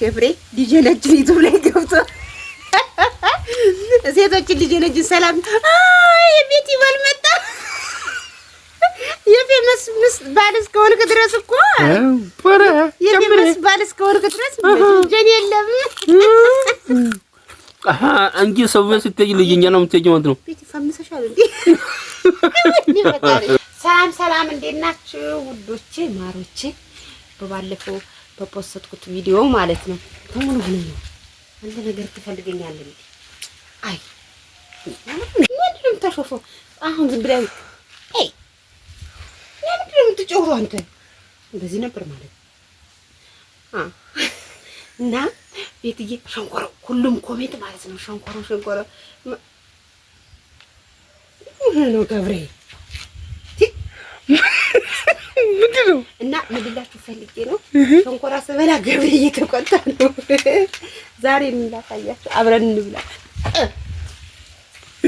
ገብሬ ልጅ ነጅ ዩቱብ ላይ ገብቶ ሴቶችን ልጅ ነጅ ሰላም የቤት ይባል መጣ። የፌመስ ባል እስከሆንክ ድረስ እኮ የፌመስ ባል እስከሆንክ ድረስ ልጄን የለም እንጂ ሰው ቤት ስትሄጂ ልጅኛ ነው የምትሄጂው ማለት ነው። ሰላም ሰላም፣ እንዴት ናችሁ ውዶቼ ማሮቼ? በባለፈው በፖስትኩት ቪዲዮ ማለት ነው። ተሙሉ ሆነ ነው አንድ ነገር ትፈልገኛለህ እንዴ? አይ ምንድን ነው የምታሾፈው አሁን? ዝም ብለህ አይ ምንድን ነው የምትጮኸው አንተ? እንደዚህ ነበር ማለት አ እና ቤትዬ ሸንኮሮ፣ ሁሉም ኮሜንት ማለት ነው ሸንኮሮ ሸንኮሮ ነው ገብሬ ምንድን ነው እና ምንላችሁ ፈልጌ ነው ሸንኮራ ስበላ ገብሬ እየተቆጣ ነው። ዛሬ የምንላሳያችሁ አብረን እንብላ።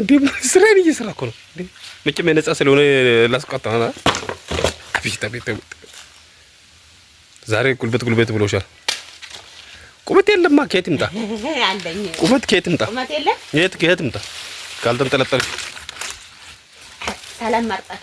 እንዴ ስራዬን እየሰራ እኮ ነው። መቼም የነጻ ስለሆነ ላስቆጣ ሆና ዛሬ ጉልበት ጉልበት ብሎሻል። ቁመት የለማ ከየት ይምጣ? ቁመት ከየት ይምጣ? የት ከየት ይምጣ? ካልተንጠለጠለ ሰላም ማርጣት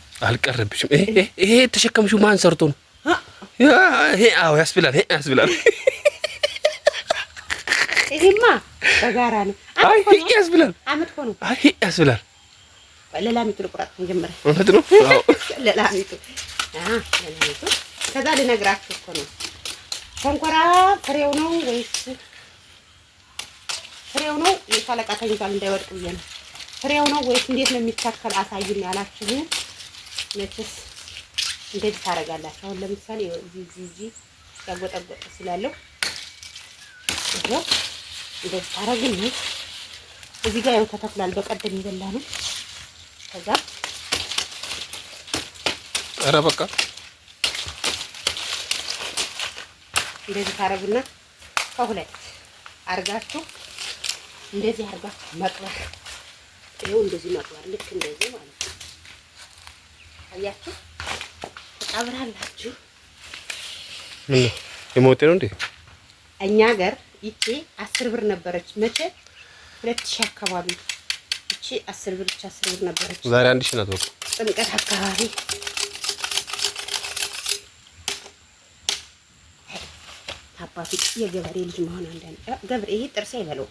አልቀረብሽም። ይሄ ተሸከምሽው ማን ሰርቶ ነው? ይሄ አዎ ያስብላል፣ ይሄ ያስብላል። ይሄማ በጋራ ነው። አይ ይሄ ያስብላል፣ አመት ሆኖ አይ ይሄ ያስብላል። ለላሚቱ ልቁረጥ መጀመሪያ። እውነት ነው ለላሚቱ። ከዛ ልነግራችሁ እኮ ነው። ኮንኮራ ፍሬው ነው ወይስ ፍሬው ነው? የሻለቃ ተኝቷል እንዳይወድቅ ብዬ ነው። ፍሬው ነው ወይስ እንዴት ነው የሚታከል? አሳይን ያላችሁ መቼስ እንደዚህ ታደርጋላችሁ። አሁን ለምሳሌ እዚህ እዚህ ያጎጠጎጠ ስላለው ይኸው እንደዚህ ታደርግና እዚህ ጋር ያው ተተክሏል። በቀደም ይበላ ነው። ከዛ ኧረ በቃ እንደዚህ ታረጉና ከሁለት አርጋችሁ እንደዚህ አርጋችሁ መቅበር ይኸው እንደዚህ መቅበር ልክ እንደዚህ ማለት ነው። አያችሁ፣ ትቀብራላችሁ። ምን የሞቴ ነው እንዴ? እኛ ሀገር ይቺ አስር ብር ነበረች። መቼ ሁለት ሺህ አካባቢ ይቺ አስር ብር ብቻ አስር ብር ነበረች። ዛሬ አንድ ሺህ ናት። ጥምቀት አካባቢ አባቱ የገበሬ ልጅ መሆን አንዳንድ ገብሬ ይሄ ጥርሴ አይበለው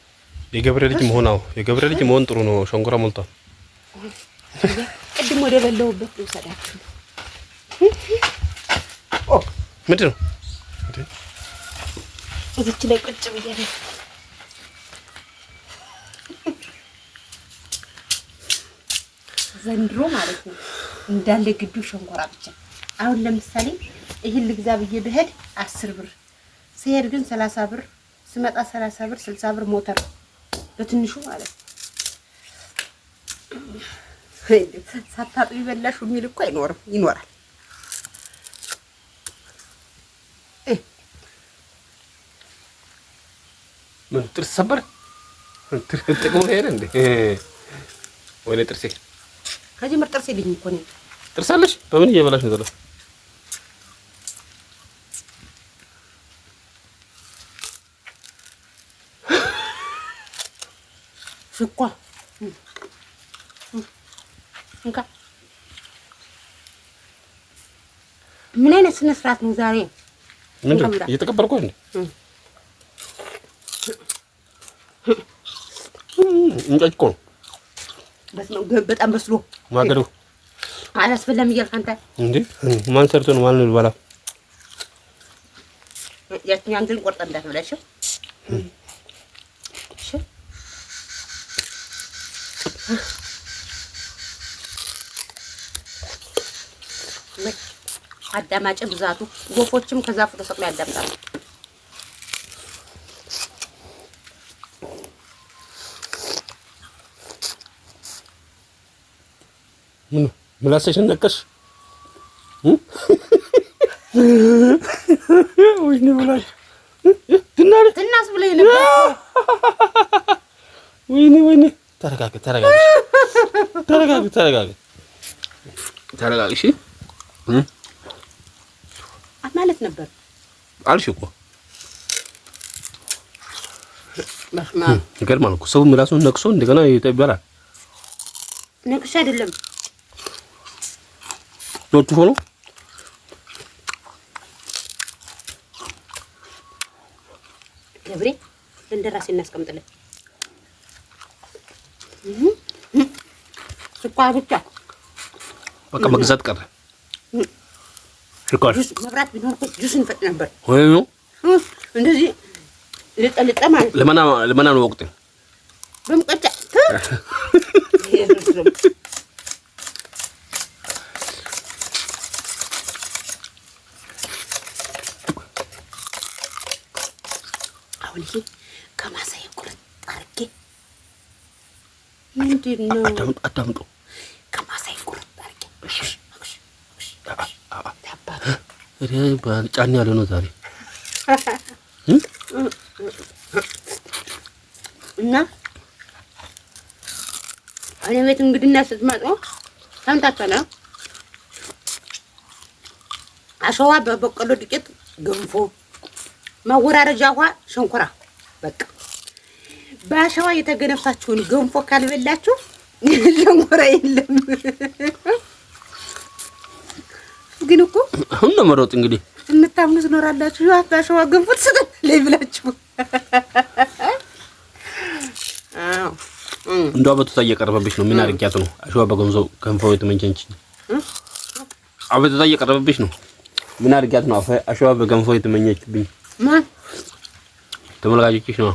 የገብሬ ልጅ መሆን አዎ፣ የገብሬ ልጅ መሆን ጥሩ ነው። ሸንኮራ ሞልቷል። ቅድም ወደ በለውበት ልውሰዳችሁ። ምንድን ነው እዚች ላይ ቁጭ ብዬ ነው ዘንድሮ ማለት ነው እንዳለ ግዱ ሸንኮራ ብቻ። አሁን ለምሳሌ ይህን ልግዛ ብዬ ብሄድ አስር ብር ስሄድ ግን ሰላሳ ብር ስመጣ ሰላሳ ብር ስልሳ ብር ሞተር በትንሹ ማለት ነው። ሳታጥቢ በላሹ የሚል እኮ አይኖርም፣ ይኖራል። ምን ጥርስ ሰበር ጥቅሙ ያለ እንዴ? ወይኔ ጥርሴ ከዚህ ምር ጥርሴ ልኝ እኮ ነው። ጥርሳለሽ? በምን እየበላሽ ነው? ምን አይነት ስነ ስርዓት ነው ዛሬ? ምንድን ነው እየተቀበልኩ እንዴ? እንጨት እኮ ነው። በጣም በስሎ ማገዶ አላስበላም እያልክ አንተ እንዴ? ማን ሰርቶ ነው ማን ልበላ? ያቺን አንተን ቆርጠህ እንዳትበላሽ እሺ። እሺ አዳማጭ ብዛቱ ጎፎችም ከዛፉ ተሰቅሎ ያዳምጣሉ። ምን ምላስሽን ነቀሽ? ወይ ነው ብላሽ ትናለ ትናስ ብለኝ ነበር። ወይኔ ወይኔ፣ ተረጋግ ተረጋግ ተረጋግ ተረጋግ ተረጋግ። እሺ ማለት ነበር አልሽ እኮ ይገርማል እኮ ራሱን ነቅሶ እንደገና ይበላል። ነቅሶ አይደለም ሎቱ ሆኖ ገብሬ እንደራሴ እናስቀምጥለን ስኳር ብቻ በቃ መግዛት ቀረ። መብራት ቢኖር ጁስ እንፈጭ ነበር። እንደዚህ ልጠልጠ ማለት ልመና ነው ወቅት በሙቀጫ አሁን ይሄ ከማሳዬ ቁርጥ አድርጌ ምንድን ነው አዳምጡ ጫን ያለ ነው ዛሬ እና እኔ ቤት እንግድና ስትመጡ ሰምታችኋል። አሸዋ በበቀሎ ዱቄት ገንፎ፣ ማወራረጃ ውሃ፣ ሸንኮራ በቃ በአሸዋ የተገነፋችሁን ገንፎ ካልበላችሁ ሸንኮራ የለም። ግን እኮ አሁን ነው መሮጥ እንግዲህ እንታምኑ ትኖራላችሁ። አሸዋ ገንፎት ስጥ ላይ ብላችሁ እንደው አቤቱታ እየቀረበብሽ ነው። ምን አድርጊያት ነው አሸዋ በገንፎ ገንፎ የተመቸንችኝ? አቤቱታ እየቀረበብሽ ነው። ምን አድርጊያት ነው አሸዋ በገንፎ የተመኘችብኝ? ማን ተመልካቾችሽ ነው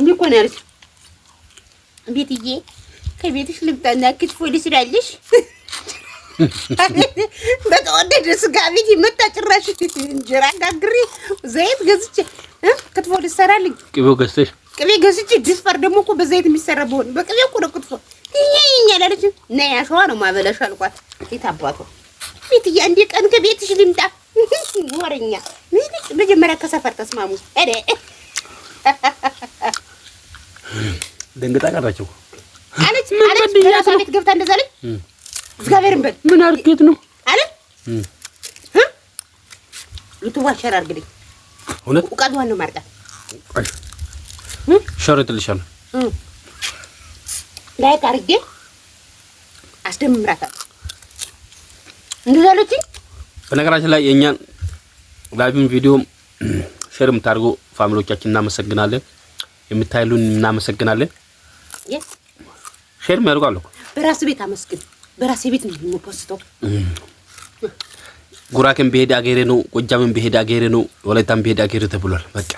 እንዴ? እኮ ነው ያለች ቤትዬ፣ ከቤትሽ ልምጣና ክትፎ ልስራልሽ በተወደደ ስጋ ቤት የመጣ ጭራሽ እንጀራ ጋግሬ ዘይት ገዝቼ ክትፎ ልሰራልኝ ቅቤው ገዝተሽ ቅቤ ገዝቼ ድስፈር ደግሞ እኮ በዘይት የሚሰራ በሆን በቅቤ እኮ ነው ክትፎ ይኛል አለች። ነይ ነው ማበላሽ አልኳት። ቤት አባቷ ቤትዬ አንዴ ቀን ከቤትሽ ልምጣ ወረኛ መጀመሪያ ከሰፈር ተስማሙ። ሄደ ደንግጣ ቀራቸው አለች አለች። ቤት ገብታ እንደዛ አለች እግዚአብሔርን በል ምን አድርጌት ነው አለ ልትዋሸር አድርግልኝ። እውነት ውቃቷን ነው ሸርጥልሻለሁ ላይክ አድርጌ እንደዛ አለችኝ። በነገራችን ላይ የእኛን ላይቭም ቪዲዮም ሼር የምታደርጉ ፋሚሊዎቻችን እናመሰግናለን። የምታይሉን እናመሰግናለን። ሼር የሚያደርጉ አለ በራስ ቤት አመስግን በራሴ ቤት ነው የምፖስተው። ጉራኬን ብሄድ አገሬ ነው፣ ጎጃምን ብሄድ አገሬ ነው፣ ወላይታን ብሄድ አገሬ ተብሏል። በቃ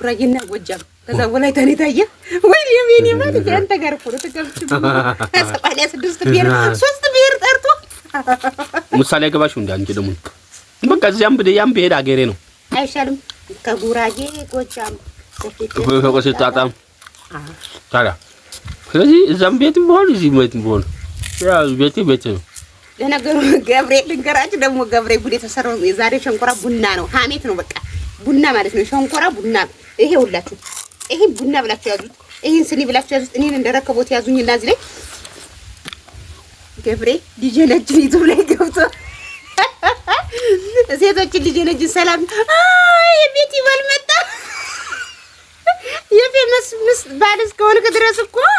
ጉራጌና ጎጃም ከዛ ወላይታ ነው የታየ ወይ የሜኔ ይማት ያንተ ጋር እኮ ነው ተገብቼ ስድስት ብሄር ሶስት ብሄር ጠርቶ ምሳሌ አገባሽ እንደ አንቺ ደግሞ በቃ እዚያም ያም ብሄድ አገሬ ነው አይሻልም? ከጉራጌ ጎጃም ቆስጣጣም ታዲያ ስለዚህ እዛም ቤትም በሆን እዚህ ቤትም በሆን ያው ቤቴ ቤቴ ነው። ለነገሩ ገብሬ ልንገራችሁ ደግሞ ገብሬ ጉድ የተሰራው የዛሬ ሸንኮራ ቡና ነው። ሀሜት ነው በቃ ቡና ማለት ነው። ሸንኮራ ቡና ይሄ ሁላችሁ ይሄ ቡና ብላችሁ ያዙት፣ ይሄን ስኒ ብላችሁ ያዙት። እኔን እንደረከቦት ያዙኝ እና እዚህ ላይ ገብሬ ዲጄ ነጅን ዩቱብ ላይ ገብቶ ሴቶችን ልጄ ነጅን ሰላም የቤት ይበል መጣ የፌመስ ምስ ባል እስከሆንክ ድረስ እኮ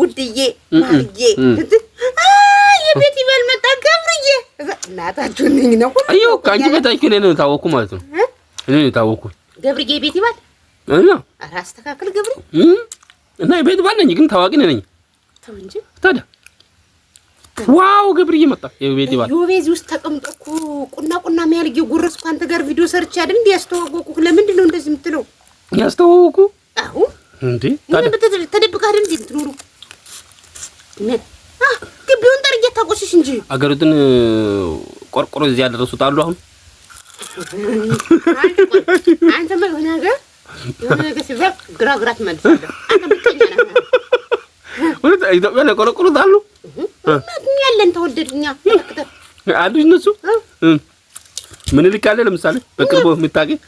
ውድዬ ማርዬ የቤት ይበል መጣ ገብርዬ እናታችሁ ነኝ ነው ሁሉ አዩ ካንቺ በታች ነው የታወኩ ማለት ነው። እኔ ነው የታወኩ ገብርዬ ቤት ይበል እና ኧረ አስተካክል ገብሪ እና የቤት ይበል ነኝ ግን ታዋቂ ነኝ ተው እንጂ ታዲያ ዋው ገብርዬ መጣ። የቤት ይባል ዩቤ ውስጥ ተቀምጦ እኮ ቁና ቁና የሚያል እየጎረስኩ አንተ ጋር ቪዲዮ ሰርቼ አይደል እንዴ ያስተዋወቅኩህ? ለምንድን ነው እንደዚህ የምትለው? ያስተዋወቅኩህ? አዎ እንዴ ታዲያ ተደብቀህ አይደል እንዴ የምትኖሩ? ግቢውን ጠርጌ ታቆሽሽ እንጂ አገሪቱን ቆርቆሮ እዚህ ያደረሱት አሉ። አሁን ነገር ግራ ግራ ኢትዮጵያ ላይ ቆረቆሩት አሉ ያለን ተወደድኛ አሉ እነሱ አለ ለምሳሌ በቅርቡ የምታገኝ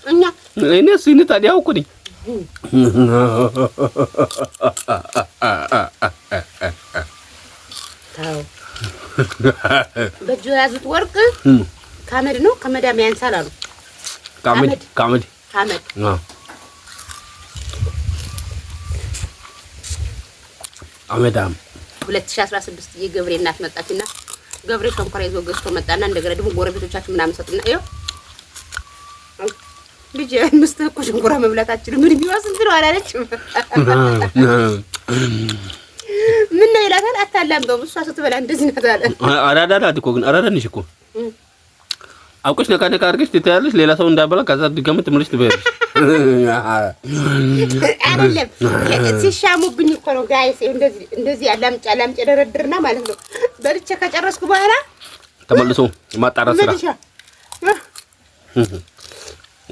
እኔ ታዲያ አውቁ ነኝ በእጁ የያዙት ወርቅ ካመድ ነው። ከመዳም ያንሳል አሉ። ካመድ ካመድ አመዳም 2016 የገብሬ እናት መጣችና ገብሬ ሸንኮራ ይዞ ገዝቶ መጣና እንደገና ደግሞ ጎረቤቶቻችን ምናምን ሰጡና ይኸው ልጅ አምስት እኮ ሸንኮራ መብላታችን ምን ቢዋስ እንትን አላለችም። ምን ነው ይላታል። አታላምደውም እሷ ስትበላ እንደዚህ ናት አለ። አራዳዳት እኮ ግን አራዳንሽ እኮ አውቀሽ ነካ ነካ አድርገሽ ትታያለሽ፣ ሌላ ሰው እንዳበላ ከዛ ድጋሚ ትምልሽ ትበያለሽ። አይደለም ሲሻሙብኝ እኮ ነው ጋይስ። እንደዚህ እንደዚህ ደረድርና ማለት ነው። በልቼ ከጨረስኩ በኋላ ተመልሶ ስራ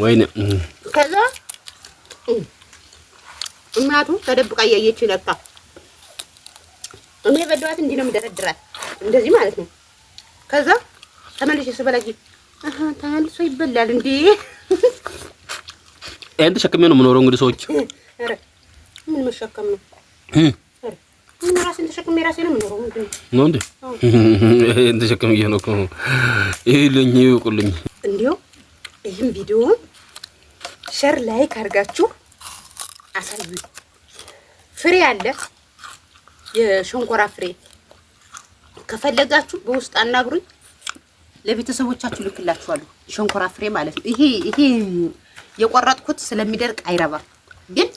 ወይኔ ከዛ እናቱ ተደብቃ እያየች ለካ እኔ በደዋት እንዲህ ነው የምደረድራት፣ እንደዚህ ማለት ነው። ከዛ ተመልሼ ስበላጊ አሃ ተመልሶ ይበላል እንዴ? ያን ተሸክሜ ነው የምኖረው። እንግዲህ ሰዎች ምን መሸከም ነው? ምን ራሴን ተሸክሜ ራሴ ነው የምኖረው። ነው እንዴ? ነው እኮ ይህም ቪዲዮ ሸር ላይክ አድርጋችሁ አሳዩኝ። ፍሬ አለ የሸንኮራ ፍሬ ከፈለጋችሁ በውስጥ አናግሩኝ፣ ለቤተሰቦቻችሁ ልክላችኋለሁ። ሸንኮራ ፍሬ ማለት ነው። ይሄ ይሄ የቆረጥኩት ስለሚደርቅ አይረባም፣ ግን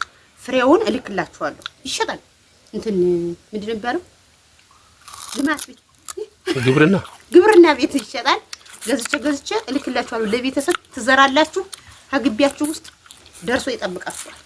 ፍሬውን እልክላችኋለሁ። ይሸጣል። እንትን ምንድን የሚባለው ልማት ቤት፣ ግብርና ግብርና ቤት ይሸጣል። ገዝቼ ገዝቼ እልክላችኋለሁ። ለቤተሰብ ትዘራላችሁ፣ ከግቢያችሁ ውስጥ ደርሶ ይጠብቃችኋል።